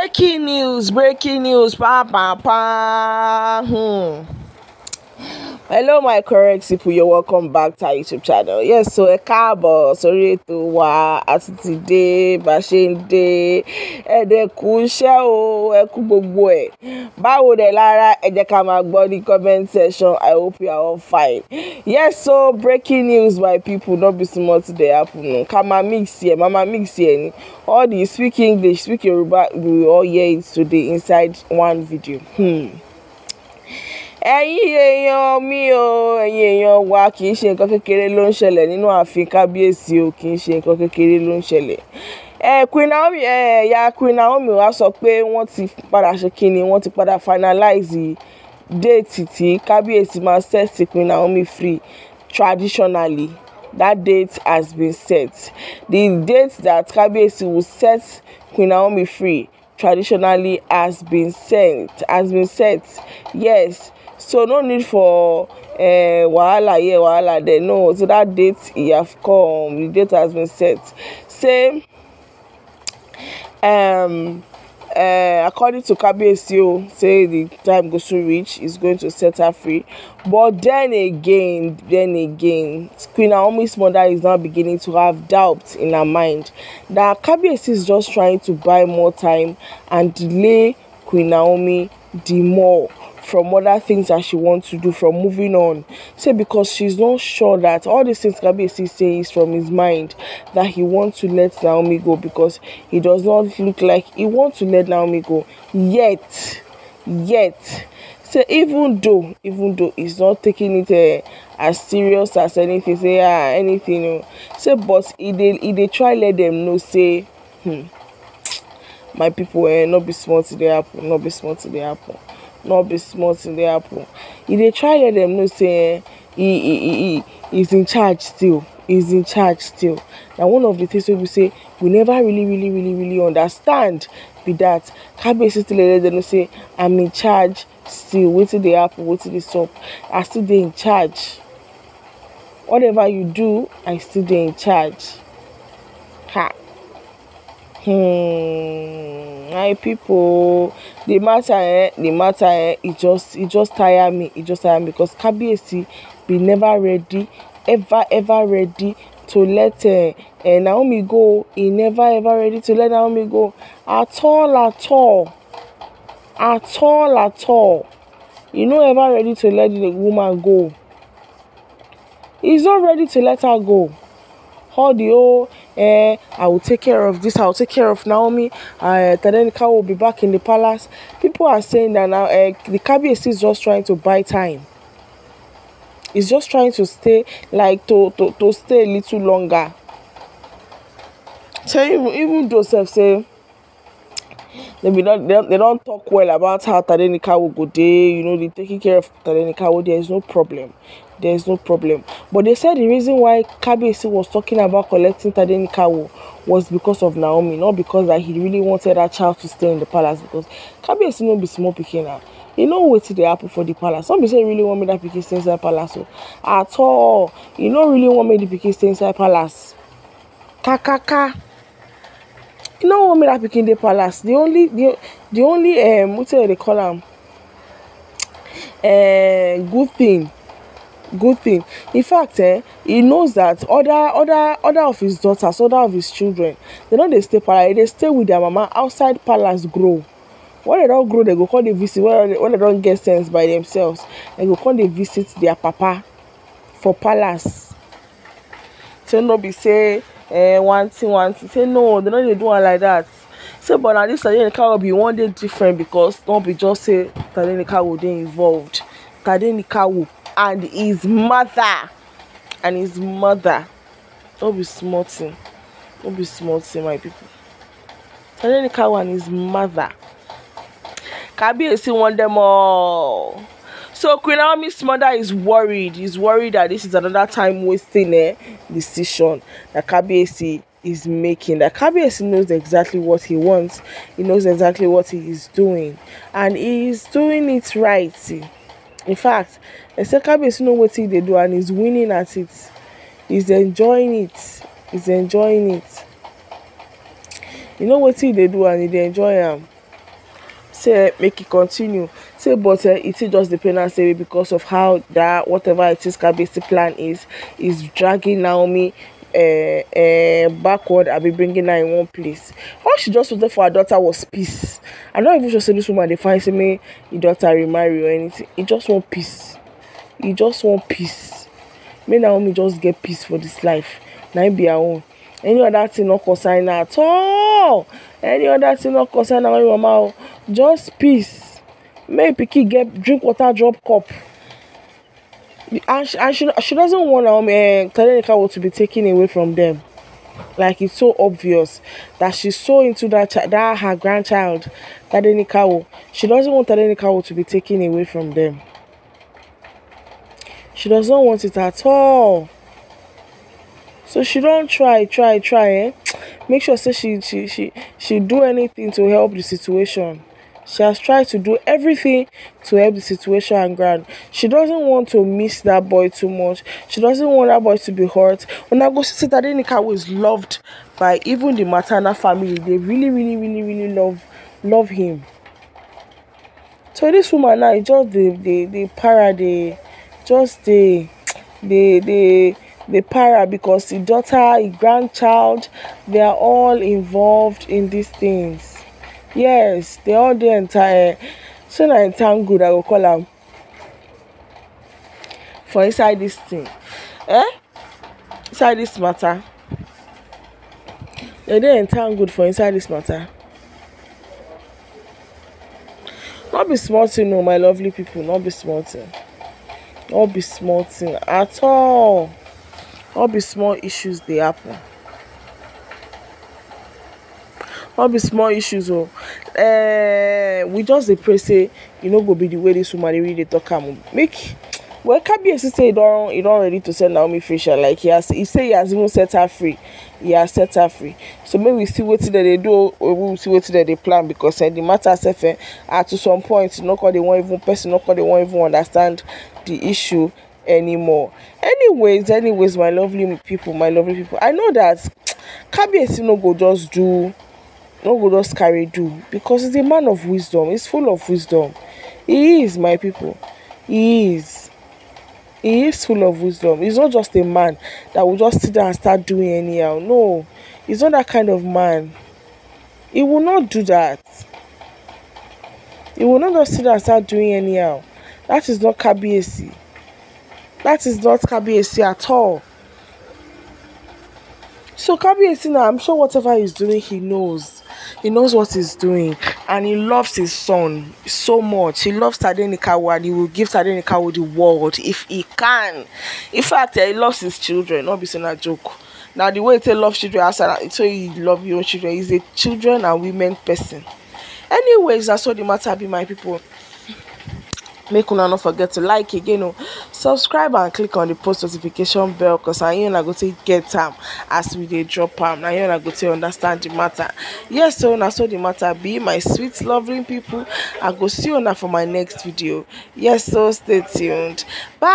breaking news breaking news Pa pa pa! Hmm hello my correct people you're welcome back to our youtube channel yes so a káàbọ̀ Sorry to wa àti today. dé bá ṣe ń dé ẹ̀ẹ́dẹ̀kú iṣẹ́ o ẹ̀kú gbogbo ẹ̀ báwo dẹ̀ lára ẹ jẹ́ comment section i hope you are all fine yes so breaking news my people Don't be small today, dey happen o mix here. Mama mix here. all the speak english speak yoruba we all hear it today inside one video. Hmm ẹ̀yin èèyàn mi o ẹ̀yin èèyàn wa kì í ṣe nǹkan kékeré ló ń ṣẹlẹ̀ nínú ààfin kábíyèsí o kì í ṣe nǹkan kékeré ló ń ṣẹlẹ̀ ẹ Queen Naomi ẹ ẹ̀yà Queen Naomi wa sọ pé wọ́n ti padà ṣe kíni wọ́n ti padà finalize déètì tí kábíyèsí máa set Queen Naomi free traditionally that date has been set the date that kábíyèsí will set Queen Naomi free traditionally has been set has been set yes so no need for uh, wahala here wahala there no so that date he have come the date has been set say um, uh, according to KBSU, say the time goes to reach is going to set her free but then again then again queen naomi's mother is now beginning to have doubt in her mind that KBSU is just trying to buy more time and delay queen naomi the more from other things that she wants to do from moving on say because she's not sure that all these things kabiyesi say is from his mind that he wants to let naomi go because he does not look like he wants to let naomi go yet yet say even though even though he's not taking it uh, as serious as anything say ah anything o say but he dey he dey try let them know say hmm, my people eh, Not be small thing dey happen no be small thing dey happen na be small thing dey happen e dey try let dem know say e e e is in charge still is in charge still na one of the things wey be say we never really really really really understand be that kábíyèsí still let dem know say i'm in charge still wetin dey happen wetin dey sup i still dey in charge whatever you do i still dey in charge ha Hmm, my people, the matter, eh, the matter, eh, it just, it just tire me, it just tire me because Kabiyesi be never ready, ever, ever ready to let uh, uh, Naomi go. He never, ever ready to let Naomi go at all, at all, at all, at all. You know, ever ready to let the woman go. He's not ready to let her go all the whole eh, I will take care of this, I will take care of Naomi, uh, eh, Tadenika will be back in the palace. People are saying that now uh, the Kabiyesi is just trying to buy time. It's just trying to stay like to to to stay a little longer. So even even Joseph say they be not they, they don't talk well about how Tadenika will go there, you know, they taking care of Tadenika, there is no problem there is no problem. But they said the reason why KBC was talking about collecting Tadeni Tadenikawo was because of Naomi, not because that he really wanted that child to stay in the palace. Because KBC no be small pikin now. You know what they happen for the palace. Some people say really want me that pikin stay inside palace. So, oh. at all, you don't really want me the pikin stay inside palace. Ka ka ka. You know what me that pikin the palace. The only the the only um what they call them. Uh, eh, good thing good thing in fact eh he knows that other other other of his daughters other of his children they no dey stay palace they dey stay with their mama outside palace grow when they don grow they go come dey visit when they, when they don get sense by themselves they go come dey visit their papa for palace say no be say eh one thing one thing say no they no dey do am like that say but na this tadenika will be one day different because no be just say tadenika will dey involved will. and his mother and his mother don't be smarting don't be smarting my people Tanenika and his mother Kabiyesi won them all so Queen Naomi's mother is worried He's worried that this is another time wasting eh, decision that Kabiyesi is making that Kabiyesi knows exactly what he wants he knows exactly what he is doing and he is doing it right. See. In fact, Eseka Besu know what he they do and he's winning at it. He's enjoying it. He's enjoying it. You know what he they do and he they enjoy him. Say make it continue. Say but uh, it is just the penance because of how that whatever it is Kabesi plan is is dragging Naomi uh, uh, backward and be bringing her in one place. All she just wanted for her daughter was peace. I'm not even just say this woman dey find say your daughter remarry or anything. He just want peace. He just want peace. Me now me just get peace for this life. Now it be her own. Any other thing not concern her at all. Any other thing not concern her mama oh. Just peace. May Piki get drink water drop cup. and she, and she, she doesn't want um, uh, eh, Tadenikawo to be taken away from them. Like it's so obvious that she's so into that that her grandchild, Tadenikawo. She doesn't want Tadenikawo to be taken away from them. She does not want it at all. So she don't try, try, try. Eh? Make sure say she she she she do anything to help the situation. She has tried to do everything to help the situation and ground. She doesn't want to miss that boy too much. She doesn't want that boy to be hurt. When I go see Onagosi Tadenika was loved by even the maternal family. They really, really, really, really love love him. So this woman now is just the the the para the just the the the the para because the daughter, the grandchild, they are all involved in these things yes they all dey entire so now na good. i will call am for inside this thing eh inside this matter they entire good for inside this matter Not be small thing o oh, my lovely people Not be small thing Not be small thing at all no be small issues they happen no be small issues o oh. eh, we just dey pray say e no go be the way this woman dey really dey talk am oh. make well kabiyesi say he don he don ready to send naomi free sha like he has he say he has even set her free he has set her free so make we see wetin dem dey do or oh. we see wetin dem dey plan because eh, the matter sef eh, ah to some point no come dey wan even person no come dey wan even understand the issue anymore anyways anyways my lovely people my lovely people i know that kabiyesi no go just do no go just carry do because he's a man of wisdom he's full of wisdom he is my people he is he is full of wisdom he's not just a man that will just sit down and start doing anyhow no he's not that kind of man he will not do that he will not just sit down and start doing anyhow that is not kbac that is not kbac at all so kbac now i'm sure whatever he's doing he knows He knows what he's doing and he loves his son so much. He loves Tade Nikawo and he will give Tade Nikawo the world if he can. In fact, he loves his children, not be saying a joke. Now, the way he loves children outside, so he loves your children. He's a children and women person. Anyways, that's all the matter be, my people make una no forget to like again o oh. subscribe and click on the post notification bell cos I you una go take get time as we dey drop am Now you're una go take understand the matter yes so oh, now so the matter be my sweet loving people i go see you now for my next video yes so oh, stay tuned bye.